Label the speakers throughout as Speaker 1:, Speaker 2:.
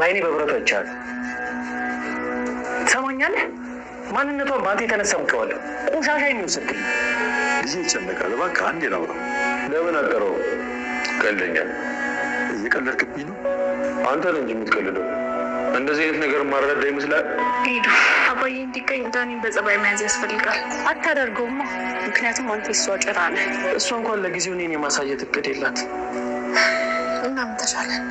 Speaker 1: በአይኔ በብረቱ አይቻል። ትሰማኛለህ? ማንነቷን በአንተ የተነሳ ምቀዋለ ቆሻሻ የሚወስድ
Speaker 2: ጊዜ ይጨነቃል። እባክህ አንዴ ነው ለምን አጠረው? ቀልደኛ። እየቀለድክብኝ ነው። አንተ ነው እንጂ የምትቀልደው። እንደዚህ አይነት ነገር ማረዳ ይመስላል።
Speaker 3: ሄዱ አባዬ እንዲቀኝ ዳኒን በጸባይ መያዝ ያስፈልጋል። አታደርገውማ፣ ምክንያቱም አንተ እሷ ጭራ ነህ።
Speaker 1: እሷ እንኳን ለጊዜው እኔን የማሳየት እቅድ የላት።
Speaker 3: እናም ተሻለን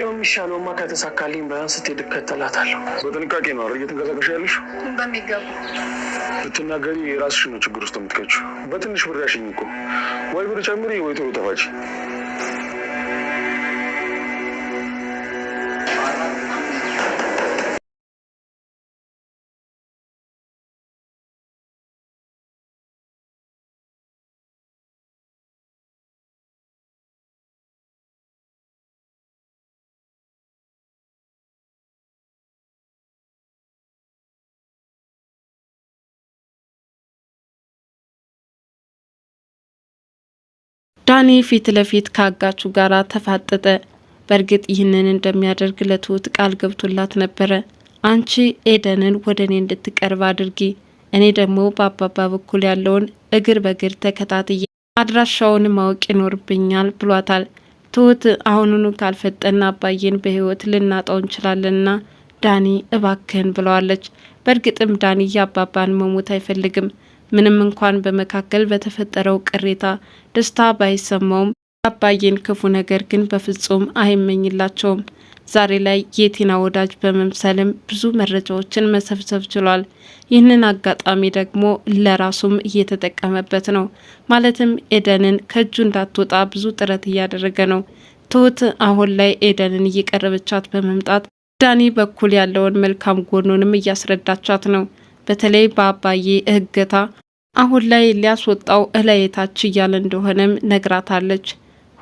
Speaker 1: ያው የሚሻለውማ ከተሳካልኝ በያን ስትሄድ እከተላታለሁ።
Speaker 2: በጥንቃቄ ነው አረ እየተንቀሳቀሽ ያለሽ በሚገባ ብትናገሪ የራስሽ ነው ችግር ውስጥ የምትቀችው። በትንሽ ብር ያሽኝ እኮ ወይ ብር ጨምሪ ወይ ቶሎ ተፋጭ።
Speaker 4: ዳኒ ፊት ለፊት ከአጋቹ ጋር ተፋጠጠ። በእርግጥ ይህንን እንደሚያደርግ ለትሁት ቃል ገብቶላት ነበረ። አንቺ ኤደንን ወደ እኔ እንድትቀርብ አድርጊ፣ እኔ ደግሞ በአባባ በኩል ያለውን እግር በእግር ተከታትዬ አድራሻውን ማወቅ ይኖርብኛል ብሏታል። ትሁት አሁኑኑ ካልፈጠና አባዬን በህይወት ልናጣው እንችላለንና ዳኒ እባክህን ብለዋለች። በእርግጥም ዳኒ የአባባን መሞት አይፈልግም። ምንም እንኳን በመካከል በተፈጠረው ቅሬታ ደስታ ባይሰማውም አባዬን ክፉ ነገር ግን በፍጹም አይመኝላቸውም። ዛሬ ላይ የቲና ወዳጅ በመምሰልም ብዙ መረጃዎችን መሰብሰብ ችሏል። ይህንን አጋጣሚ ደግሞ ለራሱም እየተጠቀመበት ነው። ማለትም ኤደንን ከእጁ እንዳትወጣ ብዙ ጥረት እያደረገ ነው። ትሁት አሁን ላይ ኤደንን እየቀረበቻት በመምጣት ዳኒ በኩል ያለውን መልካም ጎኑንም እያስረዳቻት ነው። በተለይ በአባዬ እህገታ። አሁን ላይ ሊያስወጣው እላየታች እያለ እንደሆነም ነግራታለች።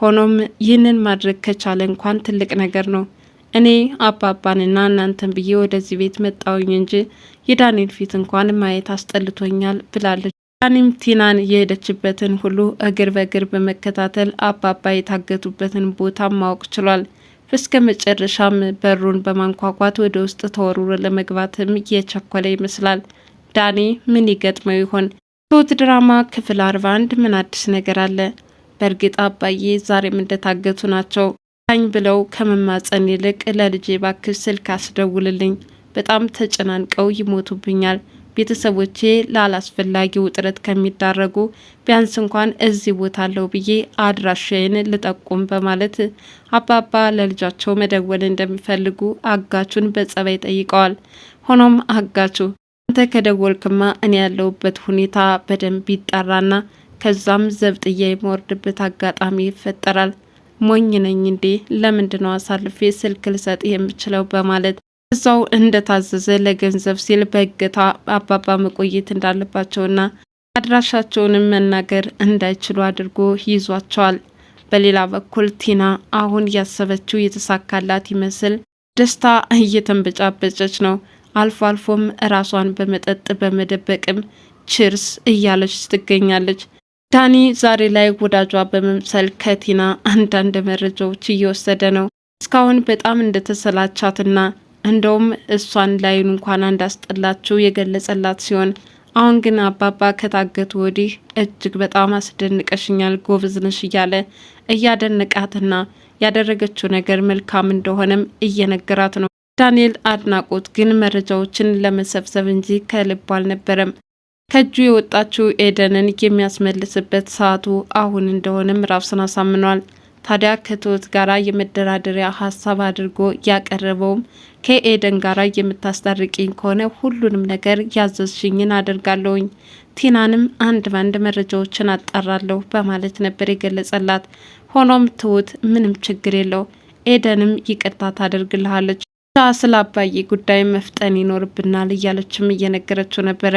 Speaker 4: ሆኖም ይህንን ማድረግ ከቻለ እንኳን ትልቅ ነገር ነው። እኔ አባባንና እናንተን ብዬ ወደዚህ ቤት መጣውኝ እንጂ የዳንኤል ፊት እንኳን ማየት አስጠልቶኛል ብላለች። ዳኒም ቲናን የሄደችበትን ሁሉ እግር በእግር በመከታተል አባባ የታገቱበትን ቦታ ማወቅ ችሏል። እስከ መጨረሻም በሩን በማንኳኳት ወደ ውስጥ ተወርውሮ ለመግባትም እየቸኮለ ይመስላል። ዳኒ ምን ይገጥመው ይሆን? ትሁት ድራማ ክፍል አርባ አንድ ምን አዲስ ነገር አለ? በእርግጥ አባዬ ዛሬም እንደታገቱ ናቸው። ታኝ ብለው ከመማፀን ይልቅ ለልጄ ባክሽ ስልክ አስደውልልኝ፣ በጣም ተጨናንቀው ይሞቱብኛል። ቤተሰቦቼ ላላስፈላጊ ውጥረት ከሚዳረጉ ቢያንስ እንኳን እዚህ ቦታ አለው ብዬ አድራሻዬን ልጠቁም በማለት አባባ ለልጃቸው መደወል እንደሚፈልጉ አጋቹን በጸባይ ጠይቀዋል። ሆኖም አጋቹ አንተ ከደወልክማ እኔ ያለሁበት ሁኔታ በደንብ ይጣራና ከዛም ዘብጥያ የመወርድበት አጋጣሚ ይፈጠራል። ሞኝ ነኝ እንዴ? ለምንድነው አሳልፌ ስልክ ልሰጥ የምችለው? በማለት እዛው እንደታዘዘ ለገንዘብ ሲል በእገታ አባባ መቆየት እንዳለባቸውና አድራሻቸውንም መናገር እንዳይችሉ አድርጎ ይዟቸዋል። በሌላ በኩል ቲና አሁን ያሰበችው የተሳካላት ይመስል ደስታ እየተንበጫበጨች ነው። አልፎ አልፎም ራሷን በመጠጥ በመደበቅም ችርስ እያለች ትገኛለች። ዳኒ ዛሬ ላይ ወዳጇ በመምሰል ከቲና አንዳንድ መረጃዎች እየወሰደ ነው። እስካሁን በጣም እንደተሰላቻትና እንደውም እሷን ላይን እንኳን እንዳስጠላችው የገለጸላት ሲሆን አሁን ግን አባባ ከታገቱ ወዲህ እጅግ በጣም አስደንቀሽኛል፣ ጎበዝ ነሽ እያለ እያደነቃትና ያደረገችው ነገር መልካም እንደሆነም እየነገራት ነው። ዳንኤል አድናቆት ግን መረጃዎችን ለመሰብሰብ እንጂ ከልቡ አልነበረም። ከእጁ የወጣችው ኤደንን የሚያስመልስበት ሰዓቱ አሁን እንደሆነም ራሱን አሳምኗል። ታዲያ ከትሁት ጋራ የመደራደሪያ ሀሳብ አድርጎ ያቀረበውም ከኤደን ጋራ የምታስታርቂኝ ከሆነ ሁሉንም ነገር ያዘዝሽኝን አደርጋለሁኝ፣ ቲናንም አንድ ባንድ መረጃዎችን አጣራለሁ በማለት ነበር የገለጸላት። ሆኖም ትሁት ምንም ችግር የለው ኤደንም ይቅርታ ታደርግልሃለች ታ ስለ አባዬ ጉዳይ መፍጠን ይኖርብናል እያለችም እየነገረችው ነበረ።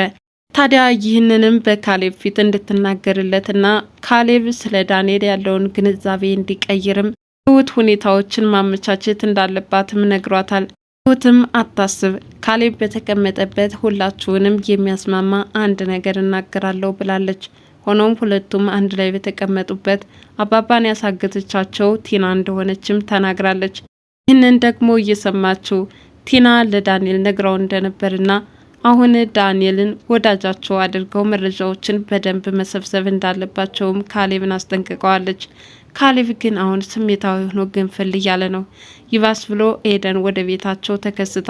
Speaker 4: ታዲያ ይህንንም በካሌብ ፊት እንድትናገርለትና ካሌብ ስለ ዳንኤል ያለውን ግንዛቤ እንዲቀይርም ትሁት ሁኔታዎችን ማመቻቸት እንዳለባትም ነግሯታል። ትሁትም አታስብ፣ ካሌብ በተቀመጠበት ሁላችሁንም የሚያስማማ አንድ ነገር እናገራለሁ ብላለች። ሆኖም ሁለቱም አንድ ላይ በተቀመጡበት አባባን ያሳገተቻቸው ቲና እንደሆነችም ተናግራለች። ይህንን ደግሞ እየሰማችው ቲና ለዳንኤል ነግራው እንደነበርና አሁን ዳንኤልን ወዳጃቸው አድርገው መረጃዎችን በደንብ መሰብሰብ እንዳለባቸውም ካሌብን አስጠንቅቀዋለች። ካሌብ ግን አሁን ስሜታዊ ሆኖ ግንፍል እያለ ነው። ይባስ ብሎ ኤደን ወደ ቤታቸው ተከስታ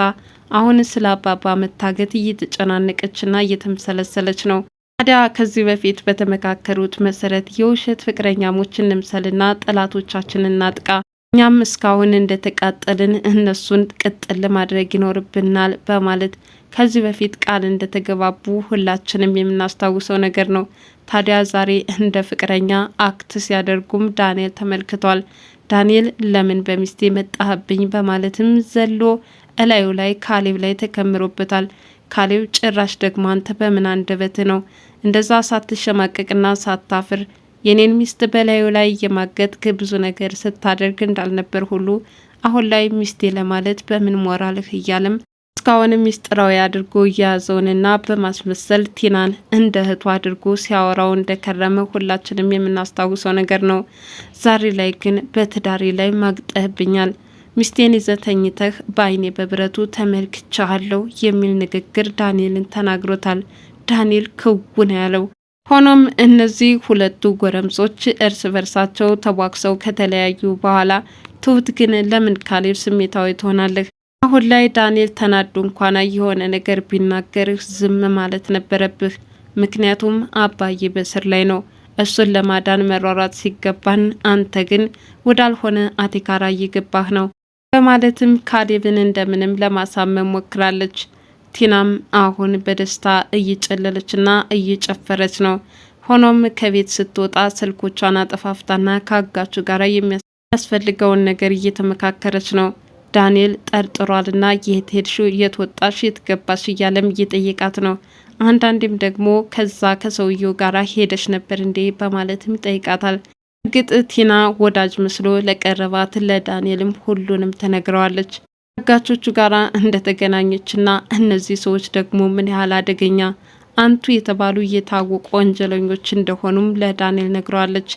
Speaker 4: አሁን ስለ አባባ መታገት እየተጨናነቀችና እየተምሰለሰለች ነው። ታዲያ ከዚህ በፊት በተመካከሩት መሰረት የውሸት ፍቅረኛሞችን እንምሰልና ጠላቶቻችን እናጥቃ እኛም እስካሁን እንደተቃጠልን እነሱን ቅጥል ለማድረግ ይኖርብናል በማለት ከዚህ በፊት ቃል እንደተገባቡ ሁላችንም የምናስታውሰው ነገር ነው። ታዲያ ዛሬ እንደ ፍቅረኛ አክት ሲያደርጉም ዳንኤል ተመልክቷል። ዳንኤል ለምን በሚስቴ መጣህብኝ በማለትም ዘሎ እላዩ ላይ ካሌብ ላይ ተከምሮበታል። ካሌብ ጭራሽ ደግሞ አንተ በምን አንደበት ነው እንደዛ ሳትሸማቀቅና ሳታፍር የኔን ሚስት በላዩ ላይ የማገጥክ ብዙ ነገር ስታደርግ እንዳልነበር ሁሉ አሁን ላይ ሚስቴ ለማለት በምን ሞራልህ እያለም እስካሁንም ሚስጥራዊ አድርጎ እያያዘውንና በማስመሰል ቲናን እንደ እህቱ አድርጎ ሲያወራው እንደከረመ ሁላችንም የምናስታውሰው ነገር ነው። ዛሬ ላይ ግን በትዳሪ ላይ ማግጠህብኛል፣ ሚስቴን ይዘተኝተህ ተኝተህ በብረቱ ተመልክቻለሁ የሚል ንግግር ዳንኤልን ተናግሮታል። ዳንኤል ክውን ያለው ሆኖም እነዚህ ሁለቱ ጎረምሶች እርስ በርሳቸው ተቧክሰው ከተለያዩ በኋላ ትሁት ግን ለምን ካሌብ ስሜታዊ ትሆናለህ? አሁን ላይ ዳንኤል ተናዶ እንኳን የሆነ ነገር ቢናገርህ ዝም ማለት ነበረብህ። ምክንያቱም አባዬ በስር ላይ ነው። እሱን ለማዳን መሯሯጥ ሲገባን አንተ ግን ወዳልሆነ አቴካራ እየገባህ ነው በማለትም ካሌብን እንደምንም ለማሳመን ሞክራለች። ቲናም አሁን በደስታ እየጨለለችና እየጨፈረች ነው። ሆኖም ከቤት ስትወጣ ስልኮቿን አጠፋፍታና ከአጋቹ ጋር የሚያስፈልገውን ነገር እየተመካከረች ነው። ዳንኤል ጠርጥሯልና የት ሄድሽው፣ የት ወጣሽ፣ የት ገባሽ እያለም እየጠየቃት ነው። አንዳንዴም ደግሞ ከዛ ከሰውየው ጋር ሄደሽ ነበር እንዴ በማለትም ይጠይቃታል። እርግጥ ቲና ወዳጅ መስሎ ለቀረባት ለዳንኤልም ሁሉንም ተነግረዋለች። አጋቾቹ ጋር እንደተገናኘችና እነዚህ ሰዎች ደግሞ ምን ያህል አደገኛ አንቱ የተባሉ የታወቁ ወንጀለኞች እንደሆኑም ለዳንኤል ነግረዋለች።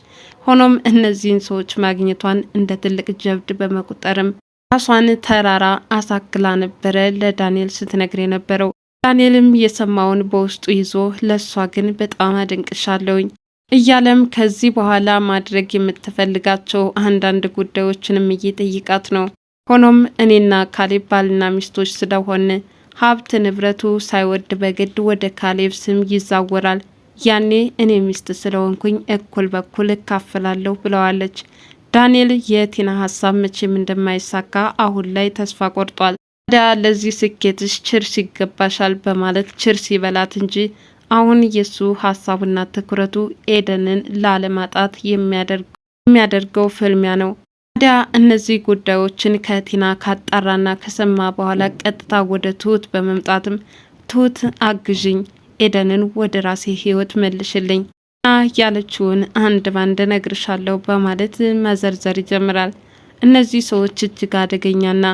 Speaker 4: ሆኖም እነዚህን ሰዎች ማግኘቷን እንደ ትልቅ ጀብድ በመቁጠርም ራሷን ተራራ አሳክላ ነበረ ለዳንኤል ስትነግር የነበረው። ዳንኤልም የሰማውን በውስጡ ይዞ ለእሷ ግን በጣም አደንቅሻለውኝ እያለም ከዚህ በኋላ ማድረግ የምትፈልጋቸው አንዳንድ ጉዳዮችንም እየጠይቃት ነው። ሆኖም እኔና ካሌብ ባልና ሚስቶች ስለሆን ሀብት ንብረቱ ሳይወድ በግድ ወደ ካሌብ ስም ይዛወራል። ያኔ እኔ ሚስት ስለሆንኩኝ እኩል በኩል እካፈላለሁ ብለዋለች። ዳንኤል የቲና ሀሳብ መቼም እንደማይሳካ አሁን ላይ ተስፋ ቆርጧል። ታዲያ ለዚህ ስኬትሽ ችርስ ይገባሻል በማለት ችርስ ይበላት እንጂ አሁን የሱ ሀሳቡና ትኩረቱ ኤደንን ላለማጣት የሚያደርገው ፍልሚያ ነው። ታዲያ እነዚህ ጉዳዮችን ከቲና ካጣራና ከሰማ በኋላ ቀጥታ ወደ ትሁት በመምጣትም ትሁት አግዥኝ፣ ኤደንን ወደ ራሴ ህይወት መልሽልኝ ና ያለችውን አንድ ባንድ ነግርሻለሁ በማለት መዘርዘር ይጀምራል። እነዚህ ሰዎች እጅግ አደገኛና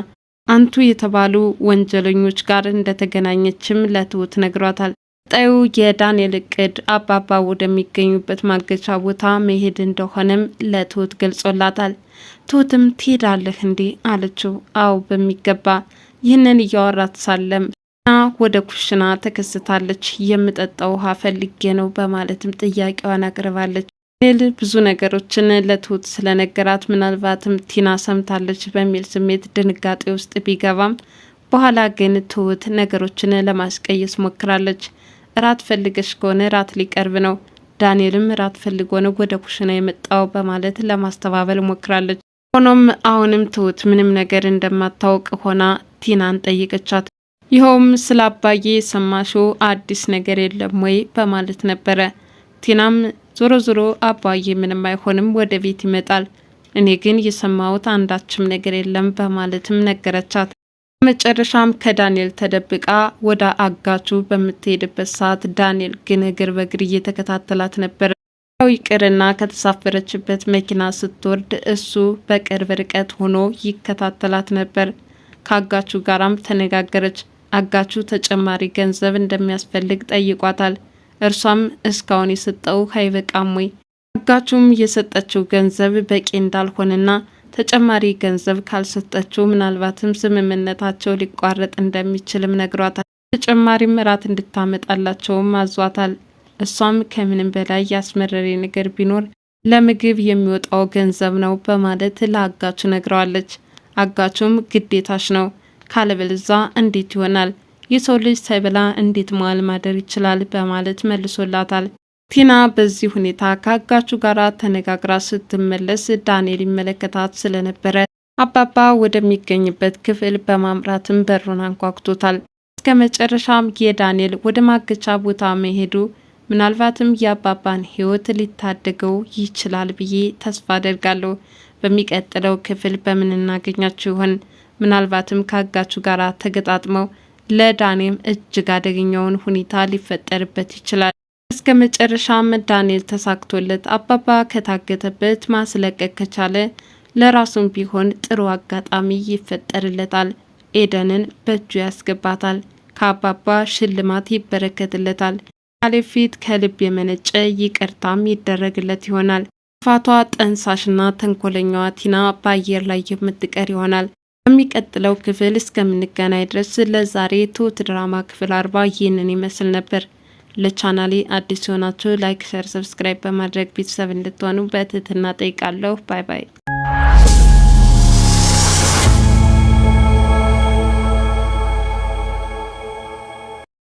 Speaker 4: አንቱ የተባሉ ወንጀለኞች ጋር እንደተገናኘችም ለትሁት ነግሯታል። ቀጣዩ የዳንኤል እቅድ አባባ ወደሚገኙበት ማገቻ ቦታ መሄድ እንደሆነም ለትሁት ገልጾላታል። ትሁትም ትሄዳለህ እንዴ አለችው። አዎ በሚገባ ይህንን እያወራት ሳለም እና ወደ ኩሽና ተከስታለች። የምጠጣው ውሃ ፈልጌ ነው በማለትም ጥያቄዋን አቅርባለች። ዳንኤል ብዙ ነገሮችን ለትሁት ስለነገራት ምናልባትም ቲና ሰምታለች በሚል ስሜት ድንጋጤ ውስጥ ቢገባም በኋላ ግን ትሁት ነገሮችን ለማስቀየስ ሞክራለች። እራት ፈልገሽ ከሆነ እራት ሊቀርብ ነው፣ ዳንኤልም እራት ፈልጎ ነው ወደ ኩሽና የመጣው በማለት ለማስተባበል ሞክራለች። ሆኖም አሁንም ትሁት ምንም ነገር እንደማታውቅ ሆና ቲናን ጠይቀቻት። ይኸውም ስለ አባዬ የሰማሽው አዲስ ነገር የለም ወይ በማለት ነበረ። ቲናም ዞሮ ዞሮ አባዬ ምንም አይሆንም፣ ወደ ቤት ይመጣል። እኔ ግን የሰማሁት አንዳችም ነገር የለም በማለትም ነገረቻት። መጨረሻም ከዳንኤል ተደብቃ ወደ አጋቹ በምትሄድበት ሰዓት ዳንኤል ግን እግር በእግር እየተከታተላት ነበር። ያው ይቅርና ከተሳፈረችበት መኪና ስትወርድ እሱ በቅርብ ርቀት ሆኖ ይከታተላት ነበር። ከአጋቹ ጋራም ተነጋገረች። አጋቹ ተጨማሪ ገንዘብ እንደሚያስፈልግ ጠይቋታል። እርሷም እስካሁን የሰጠው አይበቃም ወይ? አጋቹም የሰጠችው ገንዘብ በቂ እንዳልሆነና ተጨማሪ ገንዘብ ካልሰጠችው ምናልባትም ስምምነታቸው ሊቋረጥ እንደሚችልም ነግሯታል። ተጨማሪም እራት እንድታመጣላቸውም አዟታል። እሷም ከምንም በላይ ያስመረሬ ነገር ቢኖር ለምግብ የሚወጣው ገንዘብ ነው በማለት ለአጋቹ ነግረዋለች። አጋቹም ግዴታሽ ነው ካለበለዛ እንዴት ይሆናል? የሰው ልጅ ሳይበላ እንዴት መዋል ማደር ይችላል? በማለት መልሶላታል። ቲና በዚህ ሁኔታ ከአጋቹ ጋር ተነጋግራ ስትመለስ ዳንኤል ይመለከታት ስለነበረ አባባ ወደሚገኝበት ክፍል በማምራትም በሩን አንኳኩቶታል። እስከ መጨረሻም የዳንኤል ወደ ማገቻ ቦታ መሄዱ ምናልባትም የአባባን ሕይወት ሊታደገው ይችላል ብዬ ተስፋ አደርጋለሁ። በሚቀጥለው ክፍል በምን እናገኛችሁ ይሆን? ምናልባትም ከአጋቹ ጋር ተገጣጥመው ለዳኔም እጅግ አደገኛውን ሁኔታ ሊፈጠርበት ይችላል። እስከ መጨረሻም ዳንኤል ተሳክቶለት አባባ ከታገተበት ማስለቀቅ ከቻለ ለራሱም ቢሆን ጥሩ አጋጣሚ ይፈጠርለታል። ኤደንን በእጁ ያስገባታል። ከአባባ ሽልማት ይበረከትለታል። ካሌብ ፊት ከልብ የመነጨ ይቅርታም ይደረግለት ይሆናል። ፋቷ ጠንሳሽና ተንኮለኛዋ ቲና በአየር ላይ የምትቀር ይሆናል። በሚቀጥለው ክፍል እስከምንገናኝ ድረስ ለዛሬ ትሁት ድራማ ክፍል አርባ ይህንን ይመስል ነበር። ለቻናሌ አዲስ ሲሆናችሁ ላይክ፣ ሸር፣ ሰብስክራይብ በማድረግ ቤተሰብ እንድትሆኑ በትህትና ጠይቃለሁ። ባይ ባይ።